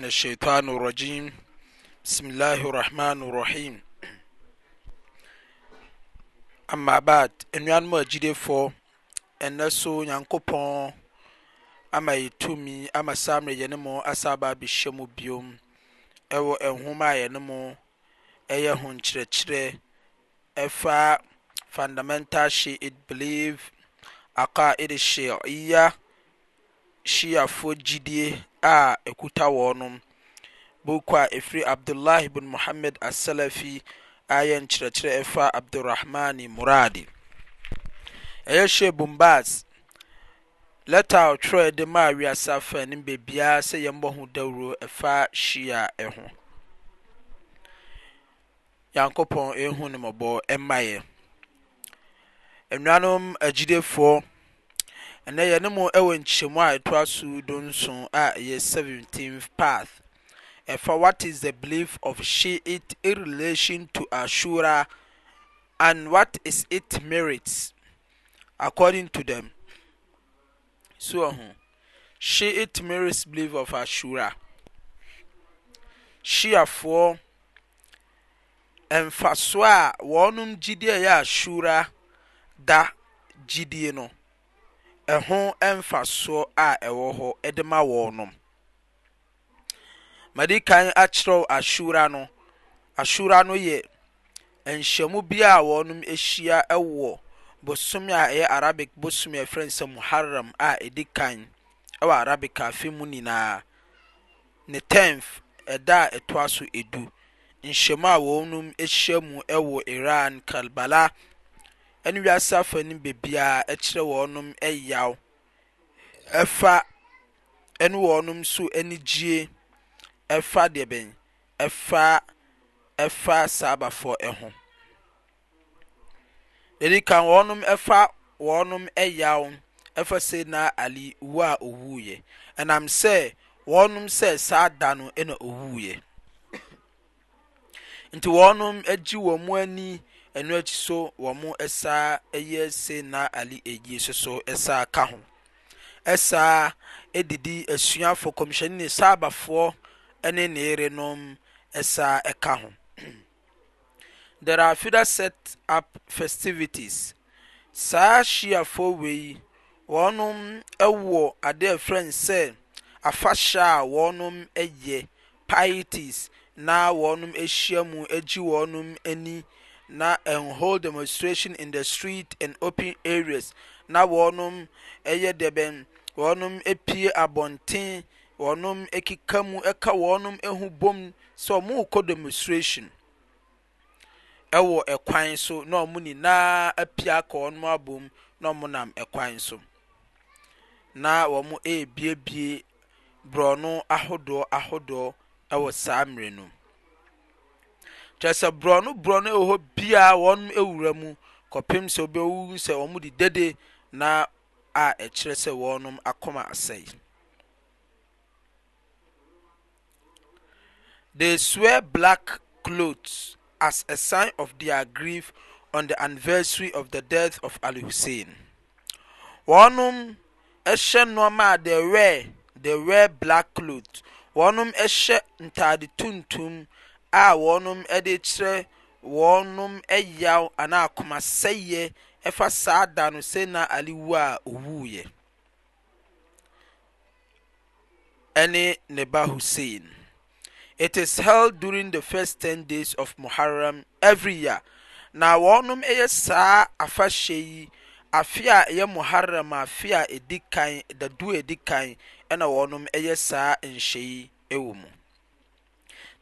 من الشيطان الرجيم بسم الله الرحمن الرحيم أما بعد nnuanom agyidefoɔ ɛnɛ so nyankopɔn ama yɛ tumi ama saa mmerɛ yɛne mo asa aba abɛhyɛ mu biom ɛwɔ nhoma a yɛne mo ɛyɛ ho nkyerɛkyerɛ ɛfa fundamental shiit believe aqaid shiia shiafoɔ gyidie a ɛkuta wɔnom buku a ɛfiri abdullahi bin muhammad asalafi a yɛ nkyerɛkyerɛ ɛfa abdurrahmani muradi ɛyɛ hyɛ bumbas lɛta a ɔtwerɛ de ma wiase afanim bebiara sɛ yɛmmɔ ho dawuro ɛfa hyia ɛho nyankopɔn ɛhu ne mmɔbɔ ɛmmayɛ nnuanom agyidefoɔ ɛnɛ yɛne mo ɛwɔ nkyɛmu a ɛtoa so donson a ɛyɛ 17 path ɛfa what is the belief of shi'it in relation to ashura and what is its merits according to them so ɔho uh-huh. shi'it merits belief of ashura shiafoɔ mfasoɔ a wɔnom gyidie a ɛyɛ ashura da gyidie no ɛho mfasoɔ a ɛwɔ hɔ de ma nom madi kan akyerɛw ashura no ashura no yɛ nhyiamu bi a wɔnom ahyia wɔ bosome a ɛyɛ arabic bosome a ɛfrɛ sɛ muharram a ɛdi kan ɛwɔ arabic afe mu nyinaa ne tenf ɛda a ɛtoa so edu nhyiamu a wɔnom ahyia mu wɔ iran kalbala ɛne wiase afanim beebiara ɛkyerɛ wɔnom ɛyaw ɛfa ɛne wɔnom nso anigye ɛfa deɛ bɛn ɛfa ɛfa saabafoɔ ɛho edi kan wɔnom ɛfa wɔnom ɛyaw ɛfa sɛ na ali wu a owuiɛ ɛnam sɛ wɔnom sɛ saa da no ɛna owuiɛ nti wɔnom agyi wɔn ani. ɛno akyi so wɔn ɛsa ɛyɛ se na ali egyie soso ɛsa ka ho ɛsa ɛdidi asuafo kɔmhyɛnni saabafoɔ ɛne ne yerenom ɛsa ɛka ho there are further set up festivities saa hyiafoɔ wei wɔn ɛwɔ adeɛ frɛn sɛ afahyɛ a wɔn ɛyɛ pieties na wɔn ahyia mu agyi wɔn ani. na and hold demonstration in the street and open areas na wɔnom ɛyɛ dɛbɛn wɔnom apia abɔnten wɔnom ekeka mu ɛka wɔnom ehu bom sɛ ɔmo kɔ demonstration ɛwɔ ɛkwan so na ɔmo nyinaa apie aka wɔnom abom na ɔmo nam ɛkwan so na wɔmo ebiebie borɔno ahodoɔ ahodoɔ ɛwɔ saa mmiri no kyerɛ sɛ borɔ no borɔ no ɛwɔhɔ biaa wɔnom wura mu kɔpem sɛ wobiwuu sɛ wɔ mude dede na a ɛkyerɛ sɛ wɔnom akoma asɛe de swar black clothes as a sign of thear grief on the adversary of the death of alhusaine wɔnom ɛhyɛ nnoɔma a de rɛɛ de wɛɛ black clothes wɔnom ɛhyɛ ntade tuntum a wɔnom de kyerɛ wɔnom yaw anaa akɔmasɛyɛ ɛfa saa da no sena na wu a owuiɛ ɛne ne ba hussein it is held during the first ten days of muharram every year na wɔnom yɛ saa afahyɛ yi afe a ɛyɛ muharram afe a ɛdi kan da du a ɛdi kan ɛna wɔnom yɛ saa nhyɛ yi wɔ mu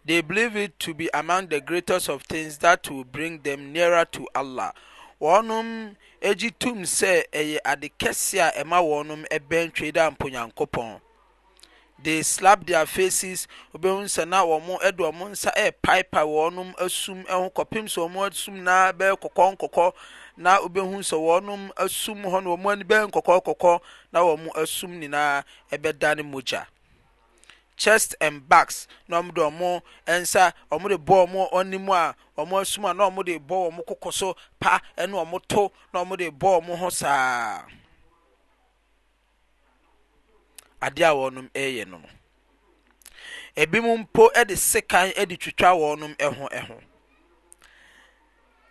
tde believe it to be among the greatest of things that woll bring them nearar to allah wɔnom gyi tum sɛ ɛyɛ adekɛseɛ a ɛma wɔnom bɛntwei de amponyankopɔn tde slap their faces obɛhu sɛna wɔ mo deɔ mo nsa paipa wɔnom asum ho kɔpem sɛ wɔmo asum nnaa bɛyɛkɔkɔ nkɔkɔ na wobɛhu sɛ wɔnom asum hɔn ɔm ani bɛnkɔkɔkɔkɔ na wɔ mo asum nyinaa ɛbɛdane mogya chest and backs na wɔn de wɔn nsa wɔn de bɔ wɔn anim a wɔn asum na wɔn de bɔ wɔn koko so pa ɛna wɔn to na wɔn de bɔ wɔn ho saa adeɛ a wɔn reyɛ no ebinom mpo de sekan de twitwa wɔn ho ho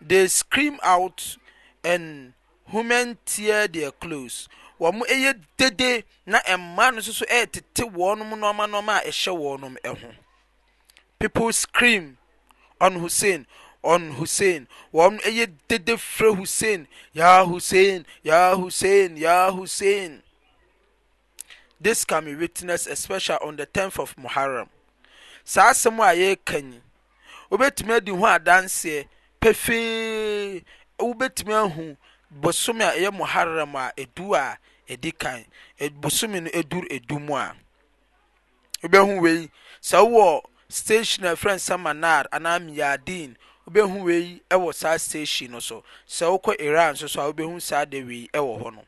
they scream out and women tear their clothes. wɔm ɛyɛdede na ɛmma no soso yɛ tete wɔɔnom nomanoma a ɛhyɛ wɔnom ho people scream on hossain on hossain wɔ no ɛyɛ dede firɛ hosain ya hossain ya hosin ya hossain tdis cam witness especiall on the temp of moharam saa asɛm a yɛrkanyi wobɛtumi adi ho adanseɛ pefee wobɛtumi ahu bosom a ɛyɛ moharam a ɛdu a edi kan bosome no duru mu a wobɛhu wei sɛ wowɔ station a ɛfrɛ nsa manar anaa miyadin wobɛhu wei ɛwɔ saa station no so sɛ wokɔ iran nso so a wobɛhu saa de wei wɔ hɔ no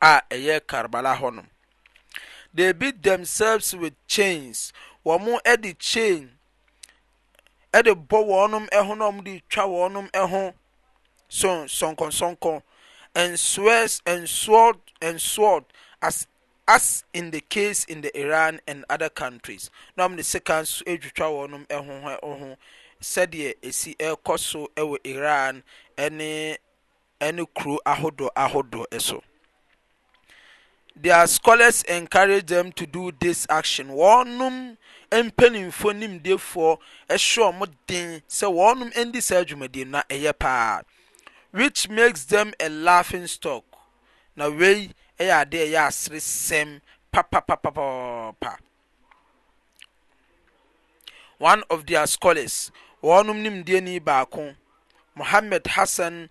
a ɛyɛ karbala hɔ nom they beat themselves with chains wɔn mo ɛde chain ɛde bɔ wɔn ho na wɔn de twa wɔn ho so sɔnkɔnsɔnkɔn snsoord as in the case in the iran and other countries na mde sekan so dwitwa wɔnom hoho sɛdeɛ ɛsi ɛkɔ so ɛwɔ iran ne kuro ahodoɔ ahodoɔ ɛso the ar scholars encourage tem to do this action wɔnom mpɛnimfo nimdefoɔ ɛhyɛ mo den sɛ wɔnom ndisaa adwumadeɛ nua ɛyɛ paa which makes them a laughing stock na wei ɛyɛadeyaasere sɛm papapa one of their scholars ɔnom ne mdeni baako mohamed hasan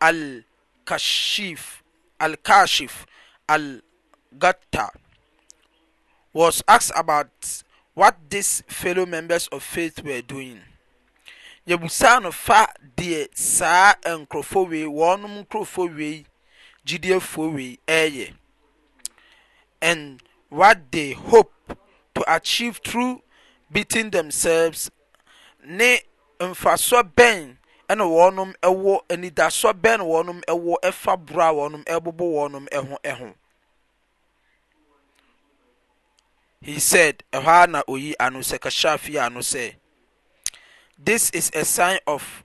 alkashif algata was asked about what thes fellow members of faith were doing yɛbusaa no fa deɛ saa nkurɔfɔwei wɔnom nkurɔfowei gyideɛ foɔ wei ɛyɛ an wha de hope to achieve tru beating themselves ne mfasɔ bɛn na wɔnom ɛwɔ nidasɔ bɛn na wɔnom wɔ fa borɔ a wɔnm bobɔ wɔnom hho e sid ɛhɔ a na yi ano sɛ kahyɛfii ano sɛ this is a sign of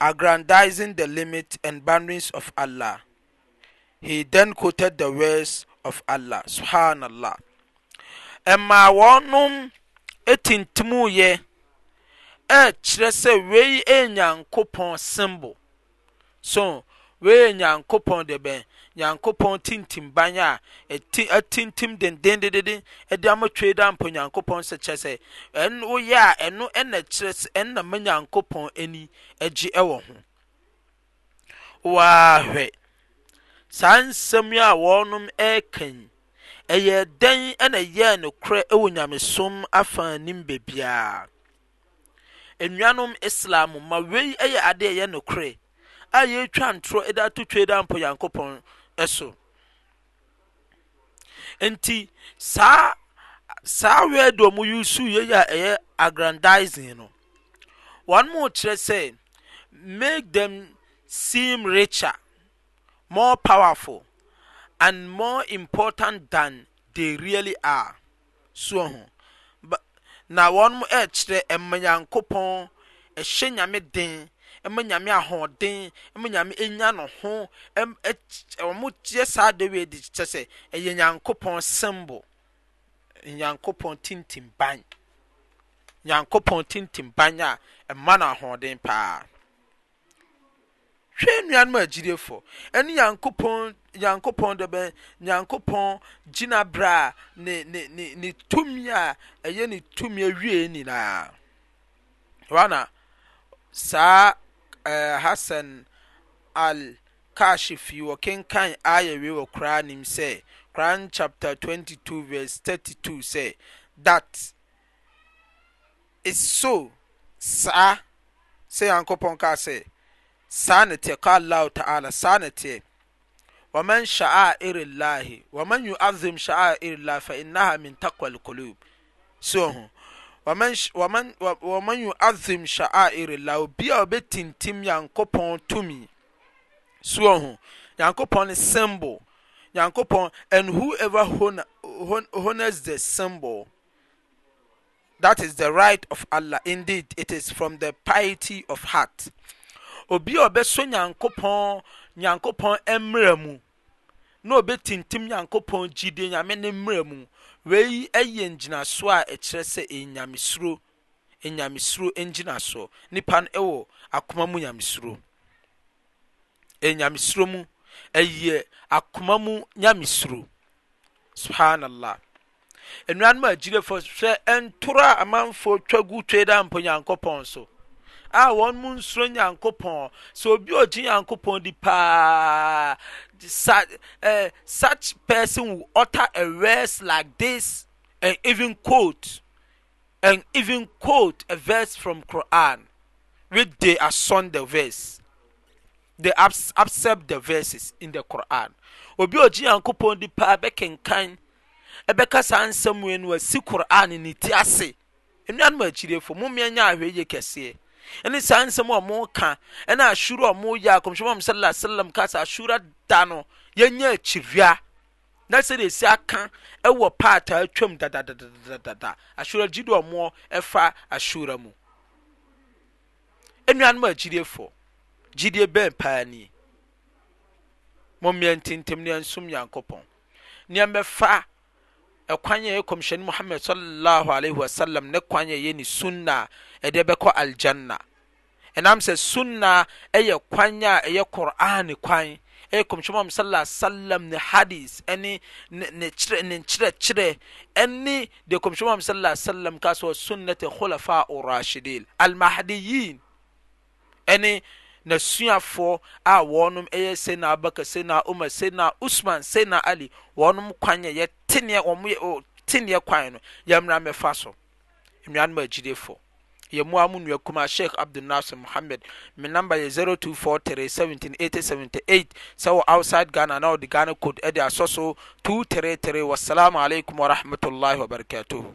aggrandising the limit and boundarings of allah he then quoted the wars of allah subhanallah ɛmaa wɔnom tintimiyɛ ɛkyerɛ sɛ wei nyankopɔn simb so wee nyankopɔn de bɛn nyankopɔn tintimban a ɛti e atintim e dendendenden ɛde e ama twei da mpo nyankopɔn sɛ kyerɛ sɛ ɛno woyɛ a ɛno ɛna kyerɛ sɛ ɛna ma nyankopɔn ani agye ɛwɔ ho waahwɛ saa nsɛm yi a wɔnom ɛɛka yi ɛyɛ dɛn ɛna yɛɛ no korɛ ɛwɔ nyamesom afanim bebiara nnuanom islam ma wei ɛyɛ adeɛ ɛyɛ no korɛ a yɛretwa ntorɔ ɛde ato twa da mpo nyankopɔn ɛso nti saa saa wɛdo mu yusu yɛyɛ a ɛyɛ aggrandizing no wɔn mu kyerɛ sɛ make them seem richer more powerful and more important than they really are So, ho na wɔn mu ɛrekyerɛ mmanyankopɔn ɛhyɛ nyame den ma nyame ahoɔden ma nyame enya no ho wɔn kyerɛ eh, eh, saa de wei de kyerɛ eh, sɛ ɛyɛ nyankopɔn symbol nyankopɔn tintim ban nyankopɔn tintim ban a ɛma no ahoɔden paa hwɛ nnuanom agyirefo ɛne nyankopɔn nyankopɔn de bɛ nyankopɔn bra, ne ne ne ne tumi a ɛyɛ ne tumi awie nyinaa wana saa ɛɛ eh, hasan al kashifi wɔkenkan ayɛwe ayewe wa nim sɛ koran chapter 22 verse 32 sɛ that is so sa sɛ yankopɔn kaa sɛ saa ne teɛ ka allahu ta'ala saa ne teɛ ومن شعائر الله ومن يعظم شعائر الله فإنها من تقوى القلوب سوهم waman yu azim sha'airi la obi a ɔbɛtintim nyankopɔn tumi soɔ ho nyankopɔn ne symbol nyankopɔn and whoever honors the symbol that is the right of allah indeed it is from the piety of heart obi a ɔbɛso nyankopɔn emremu. No mu na ɔbɛtintim nyankopɔn gyide nyame ne mmerɛ wei yɛ ngyinasoɔ a ɛkyerɛ sɛ enyamesuro enyamesuro ngyinasoɔ nipa no wɔ akoma mu nyamesuro enyamesuro mu ɛyɛ akoma mu nyamesuro subhanallah nnuanom a agyilefo hwɛ ntora amanfoɔ twa gu twe da mpo nyankopɔn so a wɔn mu nsuro nyankopɔn so obi a ogye nyankopɔn di paa such, uh, such person will utter a verse like this and even quote and even quote a verse from Quran which they assume the verse they accept the verses in the Quran obi ogyi yankopɔn di paa bɛkenkan ɛbɛka e saa nsɛm wei e no Quran ne ti ase nnuanom akyirefo mo mmea nya ahwɛ yie kɛseɛ ɛne saa nsɛm a ɔmoka ɛna ahyura a ɔmoyɛ a kɔmhyɛm am sala salam ka sɛ ahyura da no yɛnya akyiria na sɛdeɛ ɛsi aka ɛwɔ paataa twam dadadadadada ahyura gyi de ɔmoɔ ɛfa ahyura mu ɛnuanom a gyidiefoɔ gyidie bɛn paa ni mommeɛ ntentam ne ɛnsom nyankopɔn nneɛmɛfa ɛkwan a yɛ comshɛne muhamed swslm ne kwan ayne sunna ɛdɛ bɛkɔ aljanna ɛnam sɛ sunna ɛyɛ kwan a ɛyɛ quran kwan ɛyɛ komshiam sslm ne hadic nnekyerɛkyerɛ ɛne de komhiam sm kas sunnate khulafa urashidin almahdiyinn n'asuafoɔ a wɔnom ɛyɛ sena abaka sena umar sena usman sena ali wɔnom kwan yɛ teneɛ neɛ wɔn yɛ te neɛ kwan no yɛmmra mɛfa so nnuanom agyidefoɔ yɛmu a mu nua kuma sheikh abdul nasir muhammed me number yɛ 0243 17878 sɛ wɔ outside ghana na wɔde ghana code ɛde asɔ so 233 wassalamu alaikum warahmatullahi wabarakatuhu